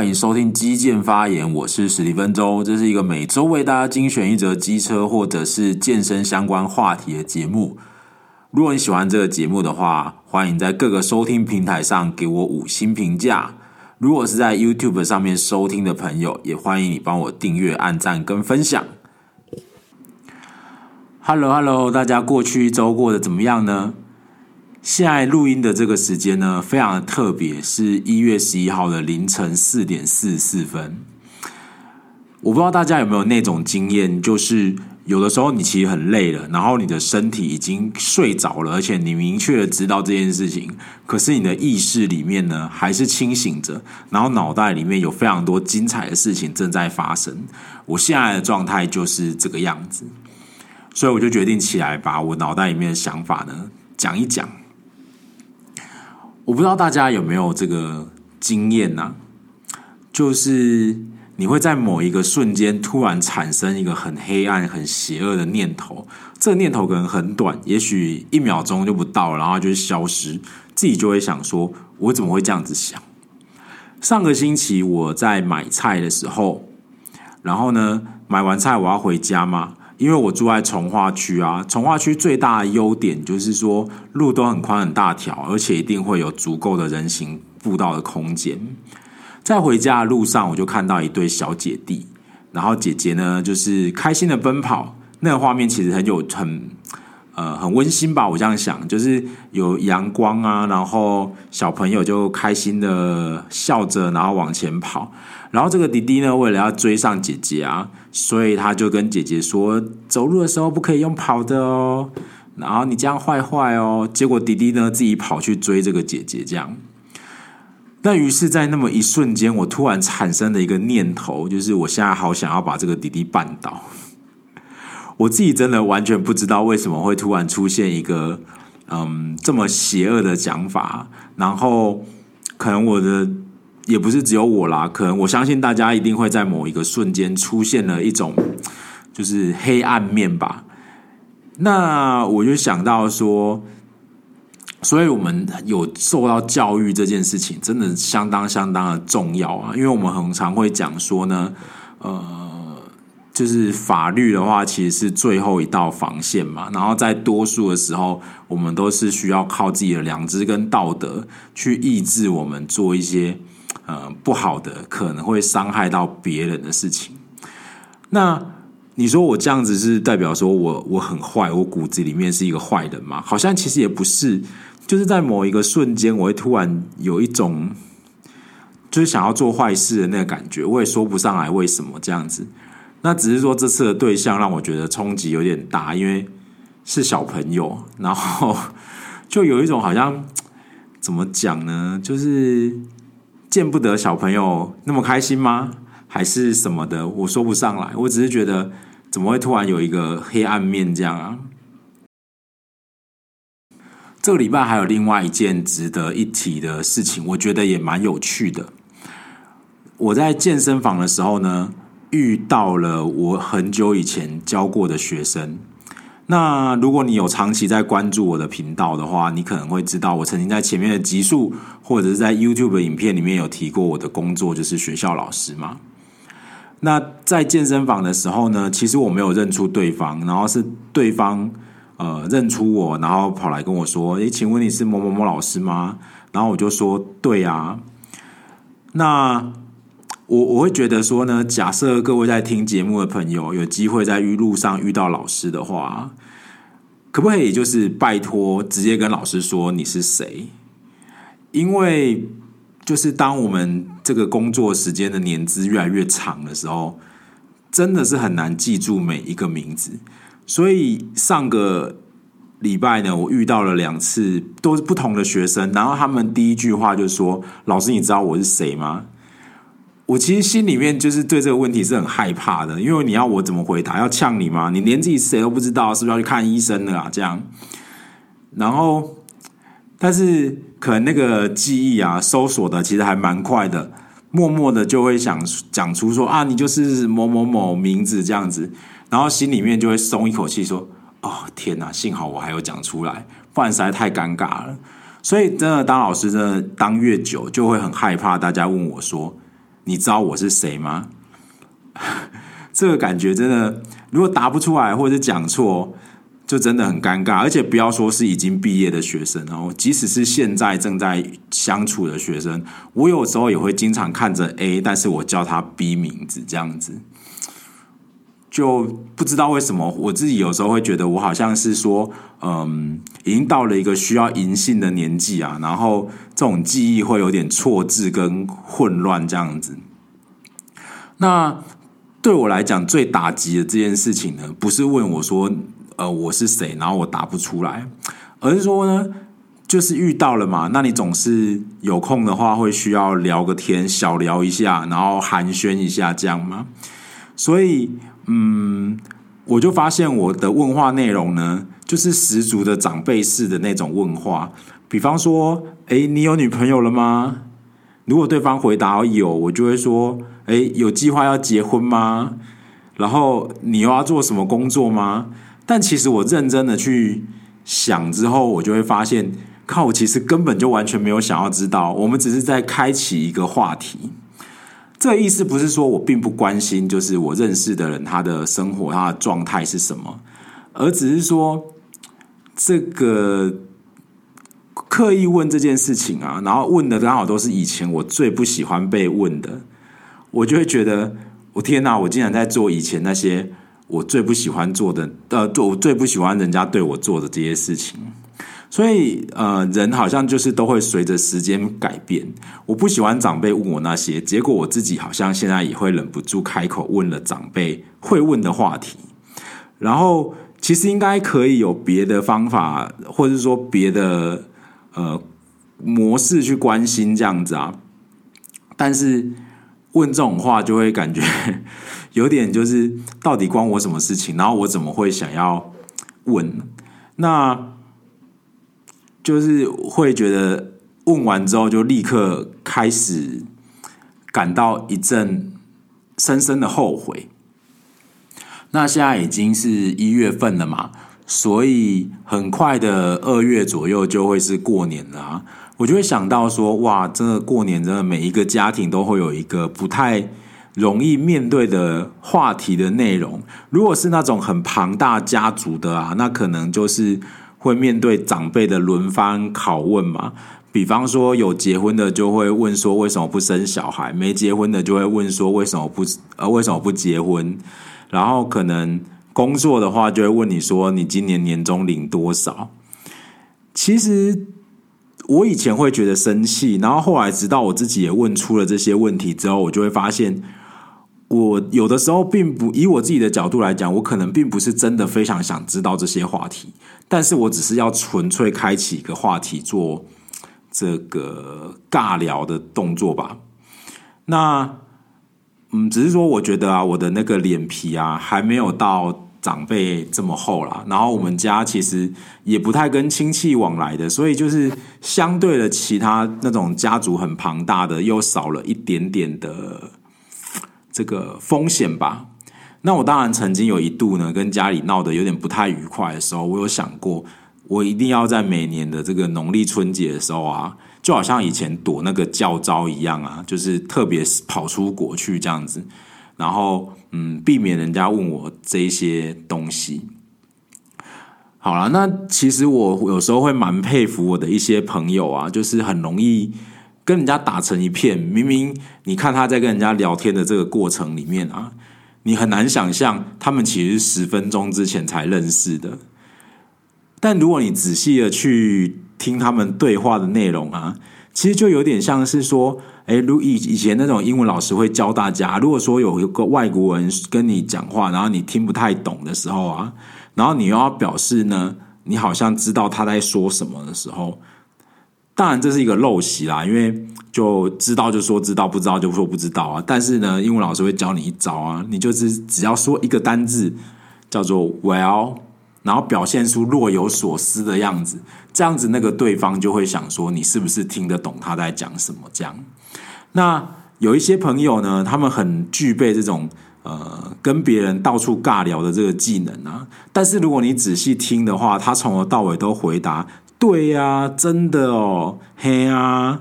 歡迎收聽肌健發言，我是史蒂芬周，這是一個每周為大家精選一則機車或者是健身相關話題的節目。如果你喜歡這個節目的話，歡迎在各個收聽平台上給我五星評價。如果是在 YouTube 上面收聽的朋友，也歡迎你幫我訂閱、按讚跟分享。Hello, Hello，大家過去一周過得怎麼樣呢？現在錄音的這個時間呢，非常的特別，是一月十一號的凌晨四點四十四分。我不知道大家有沒有那種經驗，就是有的時候你其實很累了，然後你的身體已經睡着了，而且你明確的知道這件事情，可是你的意識裡面呢，還是清醒着，然後腦袋裡面有非常多精彩的事情正在發生。我現在的狀態就是這個樣子，所以我就決定起來，把我腦袋裡面的想法呢講一講。我不知道大家有沒有這個經驗呢、啊？就是你會在某一個瞬間突然產生一個很黑暗、很邪惡的念頭，這個念頭可能很短，也許一秒鐘就不到，然後就消失。自己就會想說：“我怎麼會這樣子想？”上個星期我在買菜的時候，然後呢，買完菜我要回家嘛，因為我住在重劃區啊，重劃區最大的優點就是說路都很寬很大條，而且一定會有足夠的人行步道的空間。在回家的路上，我就看到一對小姐弟，然後姐姐呢就是開心的奔跑，那個畫面其實很有很呃很溫馨吧，我這樣想，就是有陽光啊，然後小朋友就開心的笑着，然後往前跑。然後這個弟弟呢，為了要追上姐姐啊，所以他就跟姐姐說：“走路的時候不可以用跑的哦，然後你這樣壞壞哦。”結果弟弟呢自己跑去追這個姐姐，這樣。那於是，在那麼一瞬間，我突然產生了一個念頭，就是我現在好想要把這個弟弟絆倒。我自己真的完全不知道為什麼會突然出現一個嗯這麼邪惡的想法，然後可能我的。也不是只有我啦，可能我相信大家一定會在某一個瞬間出現了一種，就是黑暗面吧。那我就想到說，所以我們有受到教育這件事情真的相當相當的重要啊，因為我們很常會講說呢，呃，就是法律的話其實是最後一道防線嘛，然後在多數的時候，我們都是需要靠自己的良知跟道德去抑制我們做一些。呃，不好的可能會傷害到別人的事情。那你說我這樣子是代表說我我很壞，我骨子裡面是一個壞人嗎？好像其實也不是，就是在某一個瞬間，我會突然有一種就是想要做壞事的那個感覺。我也說不上來為什麼這樣子。那只是說這次的對象讓我覺得衝擊有點大，因為是小朋友，然後就有一種好像怎麼講呢，就是。見不得小朋友那麼開心嗎？還是什麼的？我說不上來。我只是覺得，怎麼會突然有一個黑暗面這樣啊？這個禮拜還有另外一件值得一提的事情，我覺得也蠻有趣的。我在健身房的時候呢，遇到了我很久以前教過的學生。那如果你有長期在關注我的頻道的話，你可能會知道我曾經在前面的集數或者是在 YouTube 影片裡面有提過我的工作就是學校老師嘛。那在健身房的時候呢，其實我沒有認出對方，然後是對方呃認出我，然後跑來跟我說：“誒，請問你是某某某老師嗎？”然後我就說：“對啊。”那我我會覺得說呢，假設各位在聽節目的朋友有機會在路上遇到老師的話，可不可以就是拜託直接跟老師說你是誰？因為就是當我們這個工作時間的年資越來越長的時候，真的是很難記住每一個名字。所以上個禮拜呢，我遇到了兩次都是不同的學生，然後他們第一句話就說：“老師，你知道我是誰嗎？”我其實心裡面就是對這個問題是很害怕的，因為你要我怎麼回答？要嗆你嗎？你連自己誰都不知道，是不是要去看醫生的啊？這樣。然後，但是可能那個記憶啊，搜索的其實還蠻快的，默默的就會想講出說啊，你就是某某某名字這樣子，然後心裡面就會鬆一口氣說，哦天哪，幸好我還有講出來，不然實在太尷尬了。所以真的當老師，真的當越久就會很害怕大家問我說。你知道我是誰嗎？ 這個感覺真的，如果答不出來或者講錯，就真的很尷尬。而且不要說是已經畢業的學生哦，即使是現在正在相處的學生，我有時候也會經常看着 A，但是我叫他 B 名字這樣子。就不知道為什麼，我自己有時候會覺得我好像是說，嗯，已經到了一個需要銀杏的年紀啊，然後這種記憶會有點錯置跟混亂這樣子。那對我來講最打擊的這件事情呢，不是問我說，呃，我是誰，然後我答不出來，而是說呢，就是遇到了嘛，那你總是有空的話會需要聊個天，小聊一下，然後寒暄一下這樣嗎？所以。嗯，我就發現我的問話內容呢，就是十足的長輩式的那種問話。比方說，哎、欸，你有女朋友了嗎？如果對方回答有，我就會說，哎、欸，有計劃要結婚嗎？然後你又要做什麼工作嗎？但其實我認真的去想之後，我就會發現，靠，我其實根本就完全沒有想要知道。我們只是在開啟一個話題。這意思不是說我並不關心，就是我認識的人，他的生活、他的狀態是什麼，而只是說這個刻意問這件事情啊，然後問的剛好都是以前我最不喜歡被問的，我就會覺得我天哪！我竟然在做以前那些我最不喜歡做的，呃，做我最不喜歡人家對我做的這些事情。所以，呃，人好像就是都會隨着時間改變。我不喜歡長輩問我那些，結果我自己好像現在也會忍不住開口問了長輩會問的話題。然後，其實應該可以有別的方法，或者是說別的呃模式去關心這樣子啊。但是問這種話，就會感覺有點就是到底關我什麼事情？然後我怎麼會想要問？那就是會覺得問完之後就立刻開始感到一陣深深的後悔。那現在已經是一月份了嘛，所以很快的二月左右就會是過年了啊，我就會想到說，哇，真的過年真的每一個家庭都會有一個不太容易面對的話題的內容。如果是那種很龐大家族的啊，那可能就是。會面對長輩的輪番拷問嗎？比方說，有結婚的就會問說為什麼不生小孩，沒結婚的就會問說為什麼不呃為什麼不結婚？然後可能工作的話就會問你說，你今年年終領多少？其實我以前會覺得生氣，然後後來直到我自己也問出了這些問題之後，我就會發現，我有的時候並不，以我自己的角度來講，我可能並不是真的非常想知道這些話題。但是我只是要純粹開啟一個話題，做這個尬聊的動作吧。那，嗯，只是說，我覺得啊，我的那個臉皮啊，還沒有到長輩這麼厚啦。然後，我們家其實也不太跟親戚往來的，所以就是相對的，其他那種家族很龐大的，又少了一點點的這個風險吧。那我當然曾經有一度呢，跟家裡鬧得有點不太愉快的時候，我有想過，我一定要在每年的這個農曆春節的時候啊，就好像以前躲那個教召一樣啊，就是特別跑出國去這樣子，然後嗯，避免人家問我這些東西。好了，那其實我有時候會蠻佩服我的一些朋友啊，就是很容易跟人家打成一片。明明你看他在跟人家聊天的這個過程裡面啊。你很難想象他們其實十分鐘之前才認識的，但如果你仔細的去聽他們對話的內容啊，其實就有點像是說，哎，如以以前那種英文老師會教大家，如果說有一個外國人跟你講話，然後你聽不太懂的時候啊，然後你又要表示呢，你好像知道他在說什麼的時候。當然這是一個陋習啦，因為就知道就說知道，不知道就說不知道啊。但是呢，英文老師會教你一招啊，你就是只要說一個單字叫做 “well”，然後表現出若有所思的樣子，這樣子那個對方就會想說你是不是聽得懂他在講什麼這樣。那有一些朋友呢，他們很具備這種呃跟別人到處尬聊的這個技能啊，但是如果你仔細聽的話，他從頭到尾都回答。對呀、啊，真的哦，嘿呀、啊，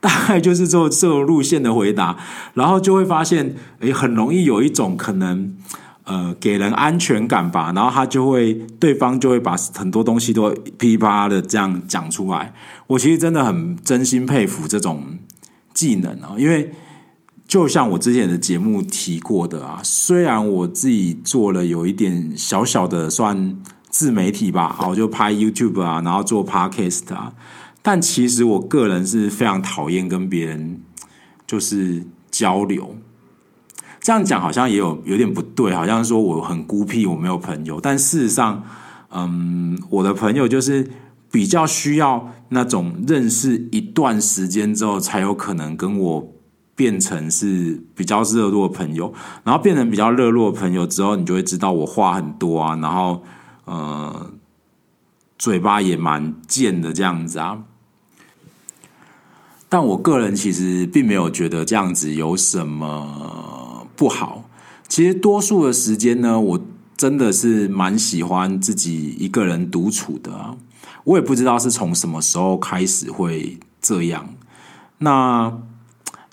大概就是這這種路線的回答，然後就會發現，哎，很容易有一種可能，呃，給人安全感吧。然後他就會，對方就會把很多東西都噼啪啪的這樣講出來。我其實真的很真心佩服這種技能哦，因為就像我之前的節目提過的啊，雖然我自己做了有一點小小的算，自媒體吧，好，就拍 YouTube 啊，然後做 Podcast 啊。但其實我個人是非常討厭跟別人就是交流。這樣講好像也有有點不對，好像說我很孤僻，我沒有朋友。但事實上，嗯，我的朋友就是比較需要那種認識一段時間之後，才有可能跟我變成是比較熱絡的朋友。然後變成比較熱絡的朋友之後，你就會知道我話很多啊，然後。呃，嘴巴也蠻賤的這樣子啊，但我個人其實並沒有覺得這樣子有什麼不好。其實多數的時間呢，我真的是蠻喜歡自己一個人獨處的啊。我也不知道是從什麼時候開始會這樣。那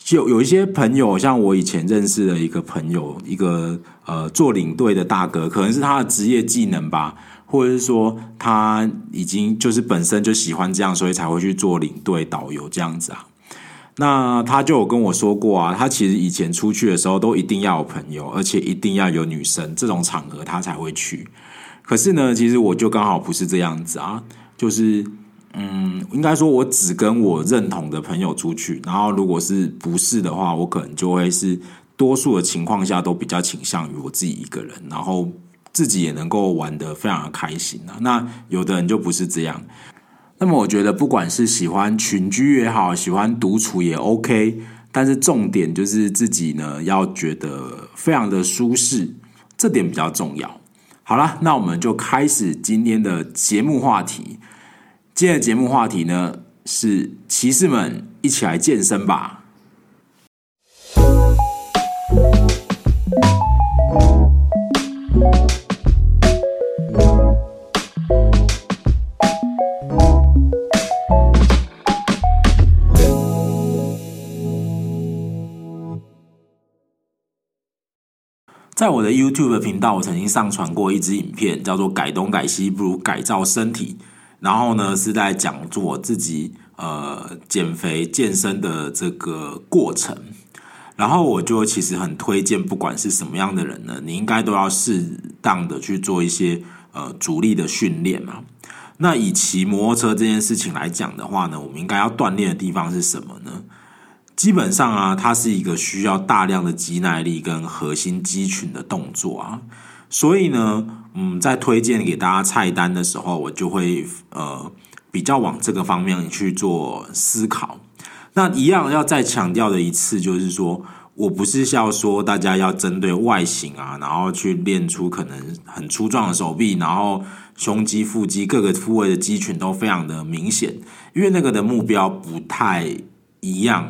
就有一些朋友，像我以前認識的一個朋友，一個呃做領隊的大哥，可能是他的職業技能吧，或者是說他已經就是本身就喜歡這樣，所以才會去做領隊導遊這樣子啊。那他就有跟我說過啊，他其實以前出去的時候都一定要有朋友，而且一定要有女生，這種場合他才會去。可是呢，其實我就剛好不是這樣子啊，就是。嗯，應該說，我只跟我認同的朋友出去。然後，如果是不是的話，我可能就會是多數的情況下都比較傾向於我自己一個人，然後自己也能夠玩得非常的開心啊，那有的人就不是這樣。那麼，我覺得不管是喜歡群居也好，喜歡獨處也 OK，但是重點就是自己呢要覺得非常的舒適，這點比較重要。好啦，那我們就開始今天的節目話題。今天的節目話題呢，是騎士們一起來健身吧。在我的 YouTube 頻道，我曾經上傳過一支影片，叫做“改東改西不如改造身體”。然後呢，是在講做自己呃減肥健身的這個過程。然後我就其實很推薦，不管是什麼樣的人呢，你應該都要適當的去做一些呃阻力的訓練嘛、啊。那以騎摩托車這件事情來講的話呢，我們應該要鍛鍊的地方是什麼呢？基本上啊，它是一個需要大量的肌耐力跟核心肌群的動作啊，所以呢。嗯，在推薦給大家菜單的時候，我就會呃比較往這個方面去做思考。那一樣要再強調的一次就是說，我不是要說大家要針對外形啊，然後去練出可能很粗壯的手臂，然後胸肌、腹肌各個部位的肌群都非常的明顯，因為那個的目標不太一樣。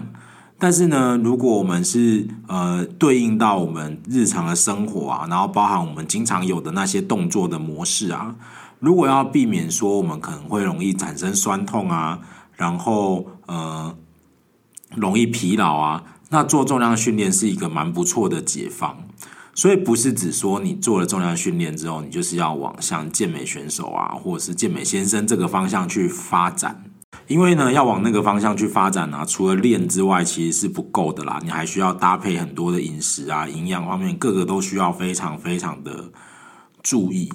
但是呢，如果我們是呃對應到我們日常的生活啊，然後包含我們經常有的那些動作的模式啊，如果要避免說我們可能會容易產生酸痛啊，然後呃容易疲勞啊，那做重量訓練是一個蠻不錯的解方。所以不是只說你做了重量訓練之後，你就是要往像健美選手啊，或者是健美先生這個方向去發展。因為呢，要往那個方向去發展啊，除了練之外，其實是不夠的啦。你還需要搭配很多的飲食啊，營養方面，各個都需要非常非常的注意。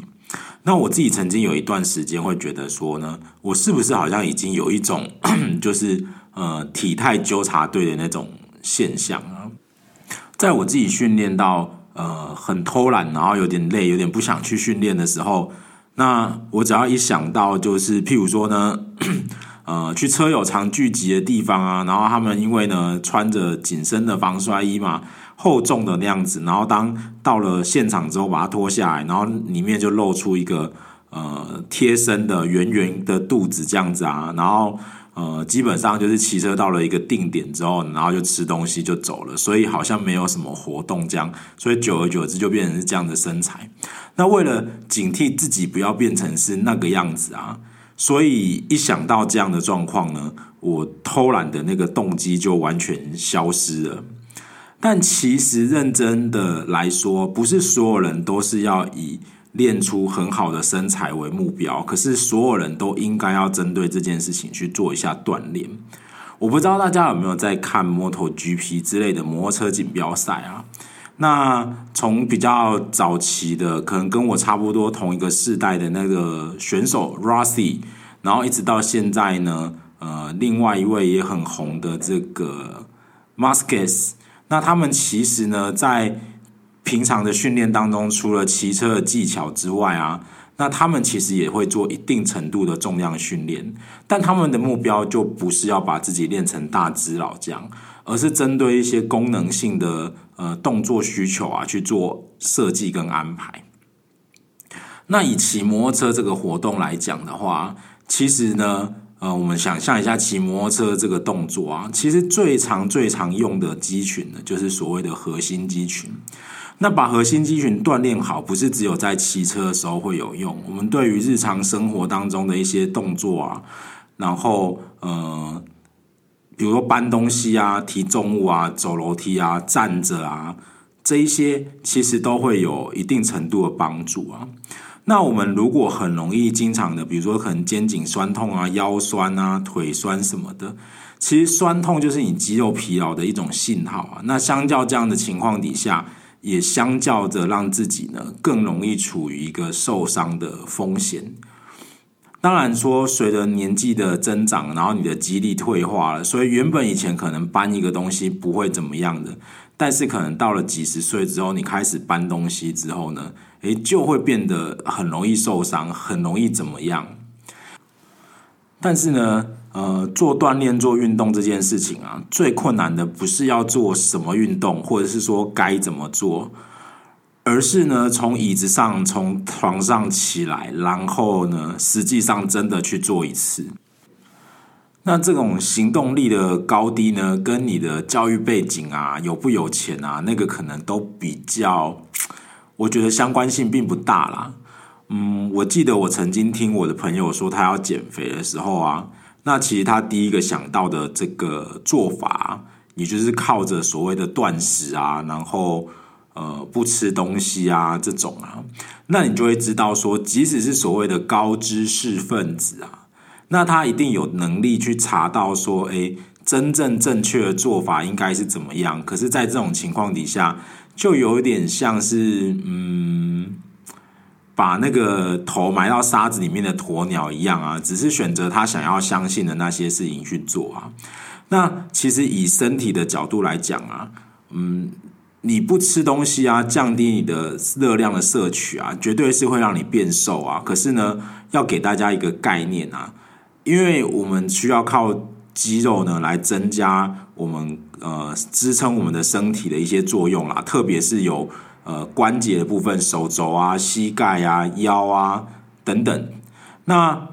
那我自己曾經有一段時間會覺得說呢，我是不是好像已經有一種 就是呃體態糾察隊的那種現象啊？在我自己訓練到呃很偷懶，然後有點累，有點不想去訓練的時候，那我只要一想到就是譬如說呢。 呃，去車友常聚集的地方啊，然後他們因為呢穿着緊身的防摔衣嘛，厚重的那樣子，然後當到了現場之後，把它脫下來，然後裡面就露出一個呃貼身的圓圓的肚子這樣子啊，然後呃基本上就是騎車到了一個定點之後，然後就吃東西就走了，所以好像沒有什麼活動這樣，所以久而久之就變成是這樣的身材。那為了警惕自己不要變成是那個樣子啊。所以一想到這樣的狀況呢，我偷懶的那個動機就完全消失了。但其實認真的來說，不是所有人都是要以練出很好的身材為目標，可是所有人都應該要針對這件事情去做一下鍛煉。我不知道大家有沒有在看 Moto GP 之類的摩托車錦標賽啊？那從比較早期的，可能跟我差不多同一個世代的那個選手 r o s s i 然後一直到現在呢，呃，另外一位也很紅的這個 Muskets，那他們其實呢，在平常的訓練當中，除了騎車的技巧之外啊，那他們其實也會做一定程度的重量訓練，但他們的目標就不是要把自己練成大只老樣，而是針對一些功能性的。呃，動作需求啊，去做設計跟安排。那以騎摩托車這個活動來講的話，其實呢，呃，我們想象一下騎摩托車這個動作啊，其實最常、最常用的肌群呢，就是所謂的核心肌群。那把核心肌群鍛鍊好，不是只有在騎車的時候會有用。我們對於日常生活當中的一些動作啊，然後，嗯、呃。比如說搬東西啊、提重物啊、走樓梯啊、站着啊，這一些其實都會有一定程度的幫助啊。那我們如果很容易、經常的，比如說可能肩頸酸痛啊、腰酸啊、腿酸什麼的，其實酸痛就是你肌肉疲勞的一種信號啊。那相較這樣的情況底下，也相較着讓自己呢更容易處於一個受傷的風險。當然說，隨着年紀的增長，然後你的肌力退化了，所以原本以前可能搬一個東西不會怎麼樣的，但是可能到了幾十歲之後，你開始搬東西之後呢，誒，就會變得很容易受傷，很容易怎麼樣。但是呢，呃，做鍛鍊、做運動這件事情啊，最困難的不是要做什麼運動，或者是說該怎麼做。而是呢，從椅子上、從床上起來，然後呢，實際上真的去做一次。那這種行動力的高低呢，跟你的教育背景啊，有不有錢啊，那個可能都比較，我覺得相關性並不大啦。嗯，我記得我曾經聽我的朋友說，他要減肥的時候啊，那其實他第一個想到的這個做法，也就是靠着所謂的斷食啊，然後。呃，不吃東西啊，這種啊，那你就會知道說，即使是所謂的高知識分子啊，那他一定有能力去查到說，誒，真正正確的做法應該是怎麼樣。可是，在這種情況底下，就有點像是嗯，把那個頭埋到沙子裡面的鴕鳥一樣啊，只是選擇他想要相信的那些事情去做啊。那其實以身體的角度來講啊，嗯。你不吃東西啊，降低你的熱量的攝取啊，絕對是會讓你變瘦啊。可是呢，要給大家一個概念啊，因為我們需要靠肌肉呢來增加我們呃支撐我們的身體的一些作用啦，特別是有呃關節的部分，手肘啊、膝蓋啊、腰啊等等。那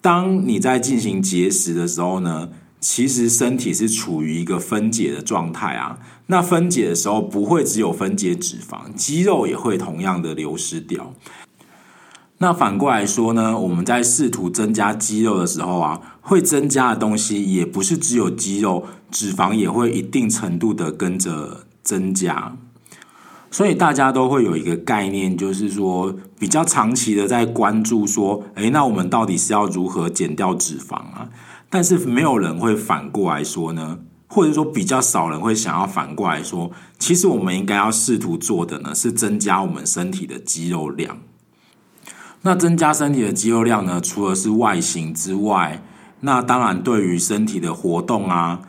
當你在進行節食的時候呢，其實身體是處於一個分解的狀態啊，那分解的時候不會只有分解脂肪，肌肉也會同樣的流失掉。那反過來說呢，我們在試圖增加肌肉的時候啊，會增加的東西也不是只有肌肉，脂肪也會一定程度的跟着增加。所以大家都會有一個概念，就是說比較長期的在關注說，誒，那我們到底是要如何減掉脂肪啊？但是沒有人會反過來說呢，或者說比較少人會想要反過來說，其實我們應該要試圖做的呢，是增加我們身體的肌肉量。那增加身體的肌肉量呢，除了是外形之外，那當然對於身體的活動啊，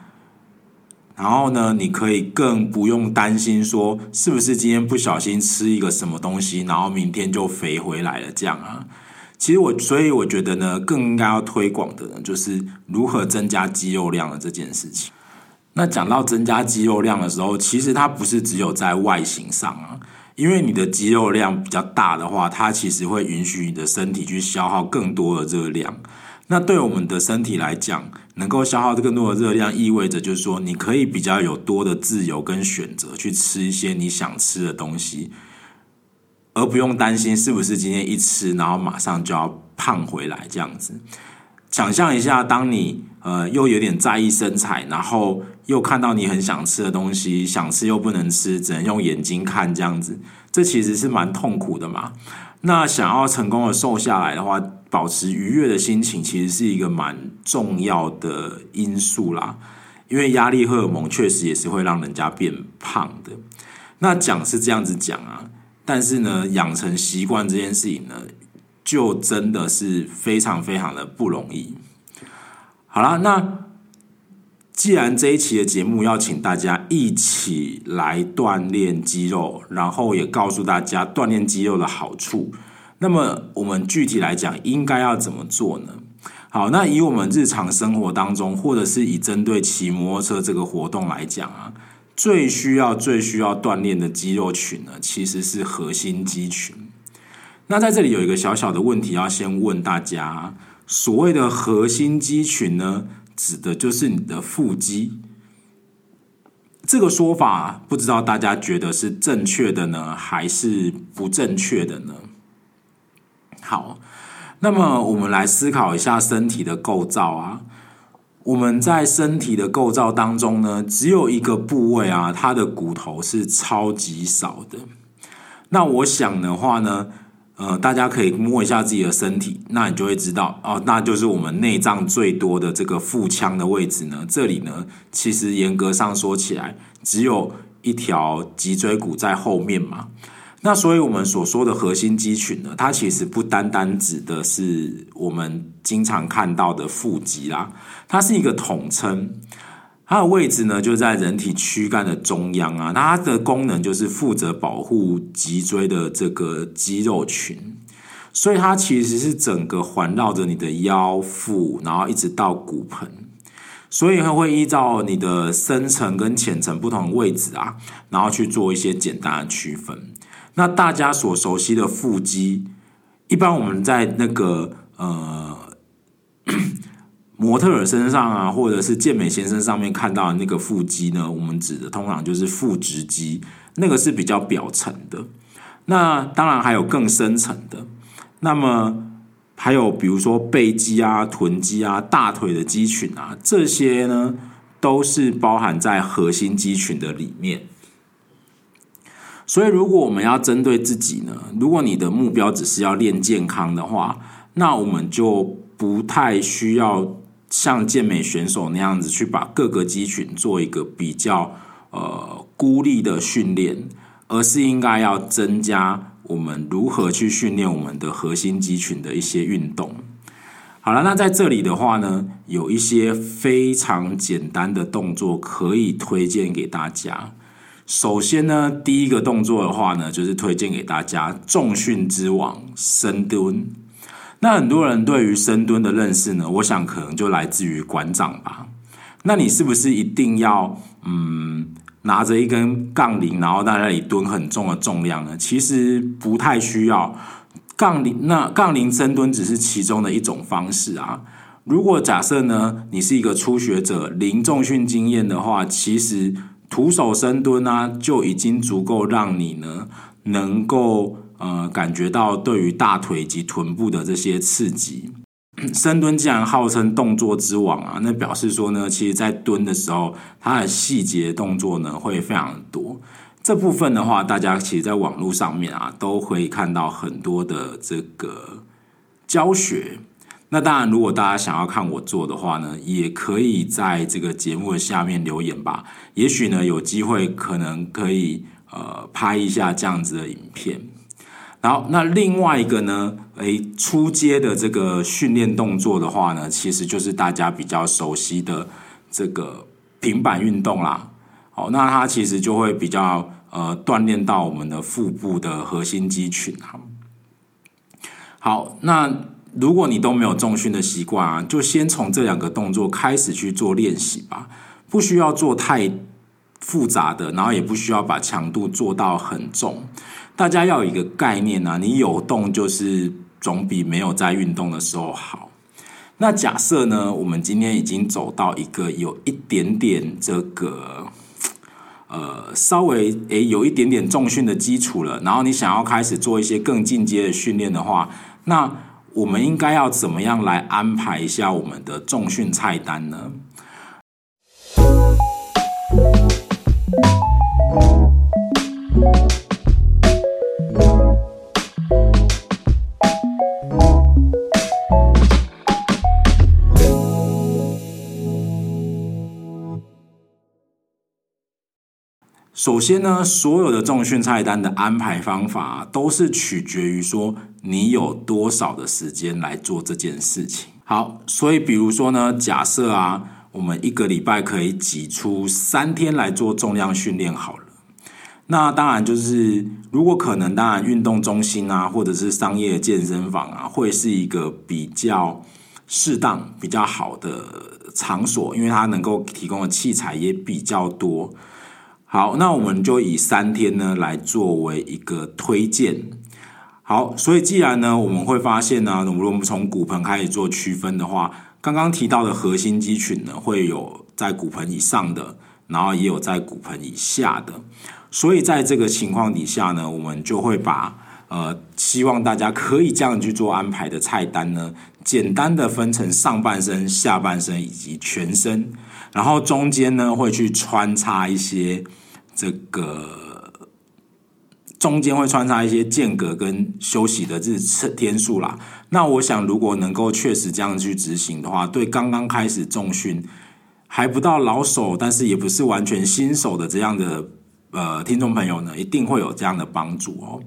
然後呢，你可以更不用擔心說是不是今天不小心吃一個什麼東西，然後明天就肥回來了這樣啊。其實我所以我覺得呢，更應該要推廣的呢，就是如何增加肌肉量的這件事情。那講到增加肌肉量的時候，其實它不是只有在外形上啊，因為你的肌肉量比較大的話，它其實會允許你的身體去消耗更多的熱量。那對我們的身體來講，能夠消耗更多的熱量，意味着就是說，你可以比較有多的自由跟選擇去吃一些你想吃的東西。而不用擔心是不是今天一吃，然後馬上就要胖回來這樣子。想象一下，當你呃又有點在意身材，然後又看到你很想吃的東西，想吃又不能吃，只能用眼睛看這樣子，這其實是蠻痛苦的嘛。那想要成功的瘦下來的話，保持愉悅的心情其實是一個蠻重要的因素啦。因為壓力荷爾蒙確實也是會讓人家變胖的。那講是這樣子講啊。但是呢，養成習慣這件事情呢，就真的是非常非常的不容易。好啦，那既然這一期的節目要請大家一起來鍛鍊肌肉，然後也告訴大家鍛鍊肌肉的好處，那麼我們具體來講應該要怎麼做呢？好，那以我們日常生活當中，或者是以針對騎摩托車這個活動來講啊。最需要、最需要鍛煉的肌肉群呢，其實是核心肌群。那在這裡有一個小小的問題要先問大家：所謂的核心肌群呢，指的就是你的腹肌。這個說法不知道大家覺得是正確的呢，還是不正確的呢？好，那麼我們來思考一下身體的構造啊。我們在身體的構造當中呢，只有一個部位啊，它的骨頭是超級少的。那我想的話呢，呃，大家可以摸一下自己的身體，那你就會知道哦，那就是我們內臟最多的這個腹腔的位置呢。這裡呢，其實嚴格上說起來，只有一條脊椎骨在後面嘛。那所以，我們所說的核心肌群呢，它其實不單單指的是我們經常看到的腹肌啦，它是一個統稱。它的位置呢，就在人體軀幹的中央啊。那它的功能就是負責保護脊椎的這個肌肉群，所以它其實是整個環繞着你的腰腹，然後一直到骨盆。所以它會依照你的深層跟淺層不同的位置啊，然後去做一些簡單的區分。那大家所熟悉的腹肌，一般我們在那個呃模特兒身上啊，或者是健美先生上面看到的那個腹肌呢，我們指的通常就是腹直肌，那個是比較表層的。那當然還有更深層的，那麼還有比如說背肌啊、臀肌啊、大腿的肌群啊，這些呢都是包含在核心肌群的裡面。所以，如果我們要針對自己呢？如果你的目標只是要練健康的話，那我們就不太需要像健美選手那樣子去把各個肌群做一個比較，呃，孤立的訓練，而是應該要增加我們如何去訓練我們的核心肌群的一些運動。好了，那在這裡的話呢，有一些非常簡單的動作可以推薦給大家。首先呢，第一個動作的話呢，就是推薦給大家重訓之王深蹲。那很多人對於深蹲的認識呢，我想可能就來自於館長吧。那你是不是一定要嗯拿着一根槓鈴，然後在那裡蹲很重的重量呢？其實不太需要槓鈴。那槓鈴深蹲只是其中的一種方式啊。如果假設呢，你是一個初學者，零重訓經驗的話，其實。徒手深蹲啊，就已經足夠讓你呢，能夠呃感覺到對於大腿及臀部的這些刺激。深蹲既然號稱動作之王啊，那表示說呢，其實在蹲的時候，它的細節的動作呢會非常的多。這部分的話，大家其實在網絡上面啊，都會看到很多的這個教學。那當然，如果大家想要看我做的話呢，也可以在這個節目的下面留言吧。也許呢，有機會可能可以呃拍一下這樣子的影片。然後，那另外一個呢，誒，初階的這個訓練動作的話呢，其實就是大家比較熟悉的這個平板運動啦。好，那它其實就會比較呃鍛鍊到我們的腹部的核心肌群。好，好那。如果你都沒有重訓的習慣啊，就先從這兩個動作開始去做練習吧。不需要做太複雜的，然後也不需要把強度做到很重。大家要有一個概念啊，你有動就是總比沒有在運動的時候好。那假設呢，我們今天已經走到一個有一點點這個，呃，稍微誒有一點點重訓的基礎了，然後你想要開始做一些更進階的訓練的話，那。我們應該要怎麼樣來安排一下我們的重訓菜單呢？首先呢，所有的重訓菜單的安排方法啊，都是取決於說你有多少的時間來做這件事情。好，所以比如說呢，假設啊，我們一個禮拜可以擠出三天來做重量訓練好了，那當然就是如果可能，當然運動中心啊，或者是商業健身房啊，會是一個比較適當、比較好的場所，因為它能夠提供的器材也比較多。好，那我們就以三天呢來作為一個推薦。好，所以既然呢，我們會發現呢，如果我們從骨盆開始做區分的話，剛剛提到的核心肌群呢，會有在骨盆以上的，然後也有在骨盆以下的。所以在這個情況底下呢，我們就會把呃，希望大家可以這樣去做安排的菜單呢，簡單的分成上半身、下半身以及全身，然後中間呢會去穿插一些。這個中間會穿插一些間隔跟休息的日天數啦。那我想，如果能夠確實這樣去執行的話，對剛剛開始重訓、還不到老手，但是也不是完全新手的這樣的呃聽眾朋友呢，一定會有這樣的幫助哦。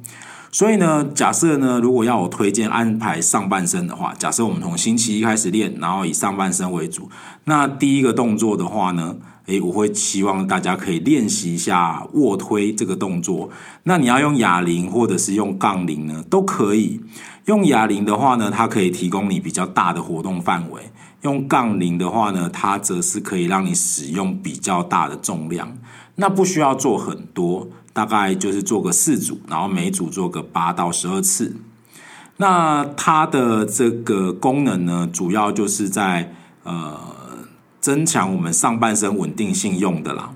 所以呢，假設呢，如果要我推薦安排上半身的話，假設我們從星期一開始練，然後以上半身為主，那第一個動作的話呢？哎，我會希望大家可以練習一下臥推這個動作。那你要用啞鈴或者是用槓鈴呢，都可以。用啞鈴的話呢，它可以提供你比較大的活動範圍；用槓鈴的話呢，它則是可以讓你使用比較大的重量。那不需要做很多，大概就是做個四組，然後每組做個八到十二次。那它的這個功能呢，主要就是在呃。增強我們上半身穩定性用的啦。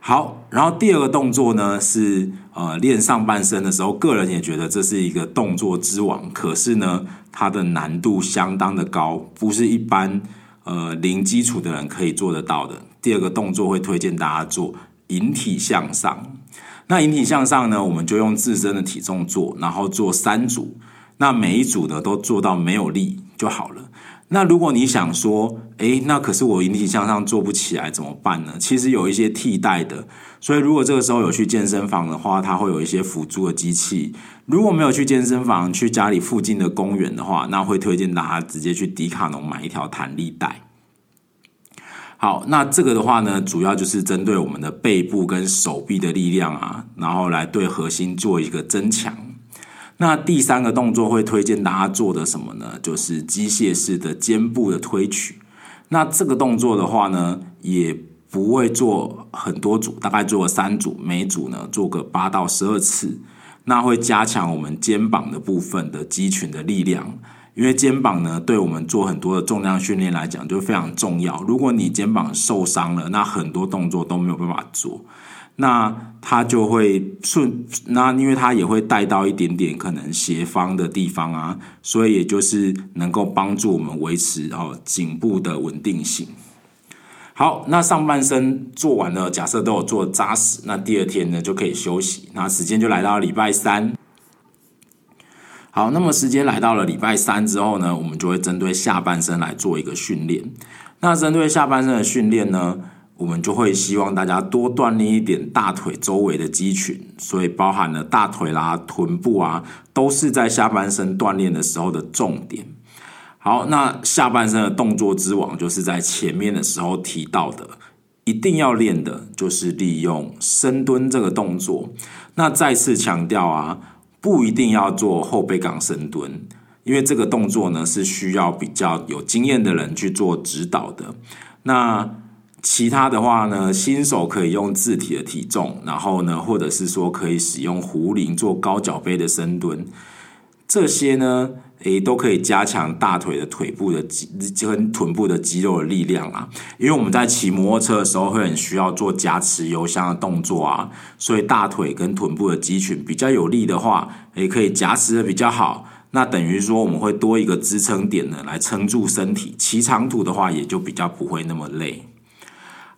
好，然後第二個動作呢是呃練上半身的時候，個人也覺得這是一個動作之王，可是呢它的難度相當的高，不是一般呃零基礎的人可以做得到的。第二個動作會推薦大家做引體向上。那引體向上呢，我們就用自身的體重做，然後做三組，那每一組呢都做到沒有力就好了。那如果你想說，誒，那可是我引體向上做不起來怎麼辦呢？其實有一些替代的，所以如果這個時候有去健身房的話，它會有一些輔助的機器；如果沒有去健身房，去家裡附近的公園的話，那會推薦大家直接去迪卡儂買一條彈力帶。好，那這個的話呢，主要就是針對我們的背部跟手臂的力量啊，然後來對核心做一個增強。那第三個動作會推薦大家做的什麼呢？就是機械式的肩部的推舉。那這個動作的話呢，也不會做很多組，大概做了三組，每組呢做個八到十二次。那會加強我們肩膀的部分的肌群的力量，因為肩膀呢對我們做很多的重量訓練來講就非常重要。如果你肩膀受傷了，那很多動作都沒有辦法做。那它就會順，那因為它也會帶到一點點可能斜方的地方啊，所以也就是能夠幫助我們維持哦頸部的穩定性。好，那上半身做完了，假設都有做紮實，那第二天呢就可以休息。那時間就來到禮拜三。好，那麼時間來到了禮拜三之後呢，我們就會針對下半身來做一個訓練。那針對下半身的訓練呢？我們就會希望大家多鍛鍊一點大腿周圍的肌群，所以包含了大腿啦、啊、臀部啊，都是在下半身鍛鍊的時候的重點。好，那下半身的動作之王就是在前面的時候提到的，一定要練的就是利用深蹲這個動作。那再次強調啊，不一定要做後背槓深蹲，因為這個動作呢是需要比較有經驗的人去做指導的。那其他的話呢，新手可以用自體的體重，然後呢，或者是說可以使用壺鈴做高腳杯的深蹲，這些呢，誒，都可以加強大腿的腿部的肌跟臀部的肌肉的力量啊。因為我們在騎摩托車的時候會很需要做夾持油箱的動作啊，所以大腿跟臀部的肌群比較有力的話，也可以夾持的比較好。那等於說我們會多一個支撐點呢，來撐住身體，騎長途的話也就比較不會那麼累。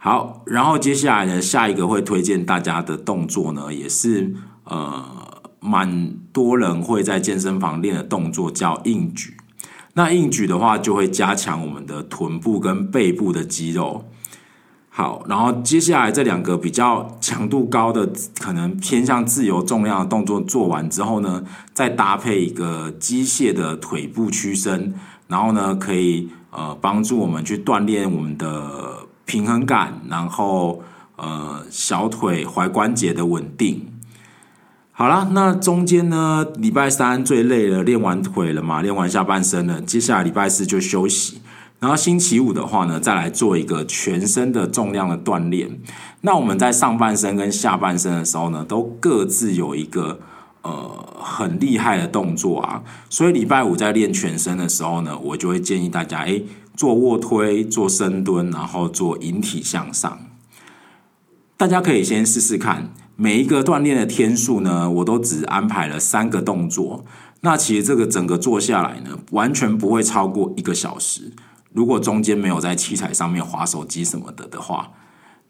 好，然後接下來呢，下一個會推薦大家的動作呢，也是呃，蠻多人會在健身房練的動作，叫硬舉。那硬舉的話，就會加強我們的臀部跟背部的肌肉。好，然後接下來這兩個比較強度高的，可能偏向自由重量的動作做完之後呢，再搭配一個機械的腿部屈伸，然後呢，可以呃幫助我們去鍛鍊我們的。平衡感，然後呃，小腿踝關節的穩定。好啦，那中間呢，禮拜三最累了，練完腿了嘛，練完下半身了，接下來禮拜四就休息。然後星期五的話呢，再來做一個全身的重量的鍛煉。那我們在上半身跟下半身的時候呢，都各自有一個呃很厲害的動作啊。所以禮拜五在練全身的時候呢，我就會建議大家，誒做臥推，做深蹲，然後做引體向上。大家可以先試試看，每一個鍛鍊的天數呢，我都只安排了三個動作。那其實這個整個做下來呢，完全不會超過一個小時。如果中間沒有在器材上面滑手機什麼的的話，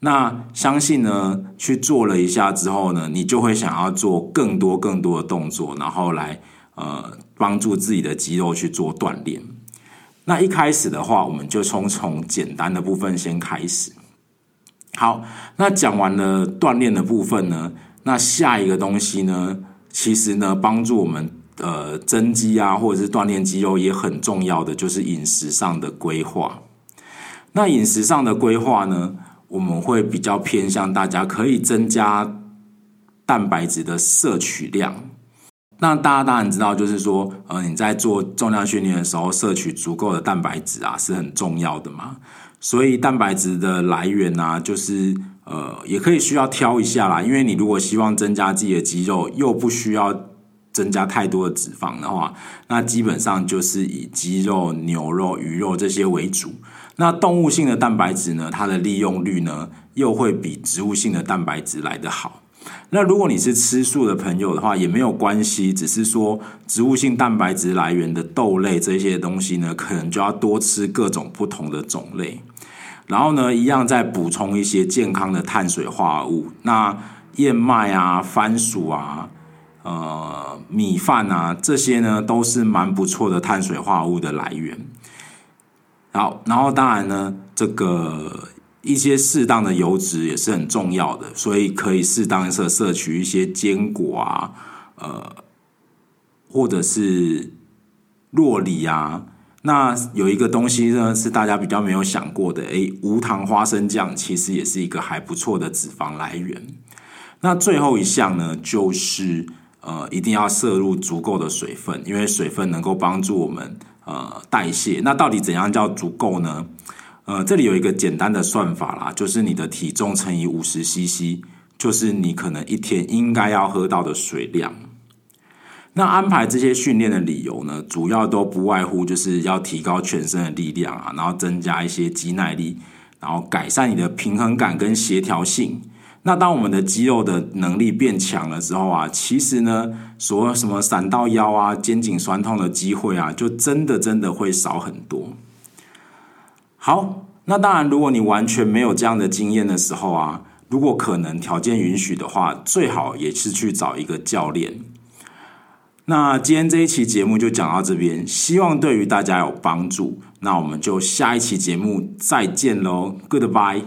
那相信呢，去做了一下之後呢，你就會想要做更多更多的動作，然後來呃幫助自己的肌肉去做鍛鍊。那一開始的話，我們就從從簡單的部分先開始。好，那講完了鍛鍊的部分呢，那下一個東西呢，其實呢，幫助我們呃增肌啊，或者是鍛鍊肌肉也很重要的就是飲食上的規劃。那飲食上的規劃呢，我們會比較偏向大家可以增加蛋白質的攝取量。那大家當然知道，就是說，呃，你在做重量訓練的時候，攝取足夠的蛋白質啊，是很重要的嘛。所以蛋白質的來源呢，就是呃，也可以需要挑一下啦。因為你如果希望增加自己的肌肉，又不需要增加太多的脂肪的話，那基本上就是以雞肉、牛肉、魚肉這些為主。那動物性的蛋白質呢，它的利用率呢，又會比植物性的蛋白質來得好。那如果你是吃素的朋友的話，也沒有關係，只是說植物性蛋白質來源的豆類這些東西呢，可能就要多吃各種不同的種類，然後呢，一樣再補充一些健康的碳水化物，那燕麥啊、番薯啊、呃、米飯啊，這些呢都是蠻不錯的碳水化物的來源。好，然後當然呢，這個。一些適當的油脂也是很重要的，所以可以適當一些攝取一些堅果啊，呃，或者是酪梨啊。那有一個東西呢，是大家比較沒有想過的，哎，無糖花生醬其實也是一個還不錯的脂肪來源。那最後一項呢，就是呃，一定要攝入足夠的水分，因為水分能夠幫助我們呃代謝。那到底怎樣叫足夠呢？呃，這裡有一個簡單的算法啦，就是你的體重乘以五十 CC，就是你可能一天應該要喝到的水量。那安排這些訓練的理由呢，主要都不外乎就是要提高全身的力量啊，然後增加一些肌耐力，然後改善你的平衡感跟協調性。那當我們的肌肉的能力變強了之後啊，其實呢，所有什麼閃到腰啊、肩頸痠痛的機會啊，就真的真的會少很多。好，那當然，如果你完全沒有這樣的經驗的時候啊，如果可能，條件允許的話，最好也是去找一個教練。那今天這一期節目就講到這邊，希望對於大家有幫助。那我們就下一期節目再見嘍，Goodbye。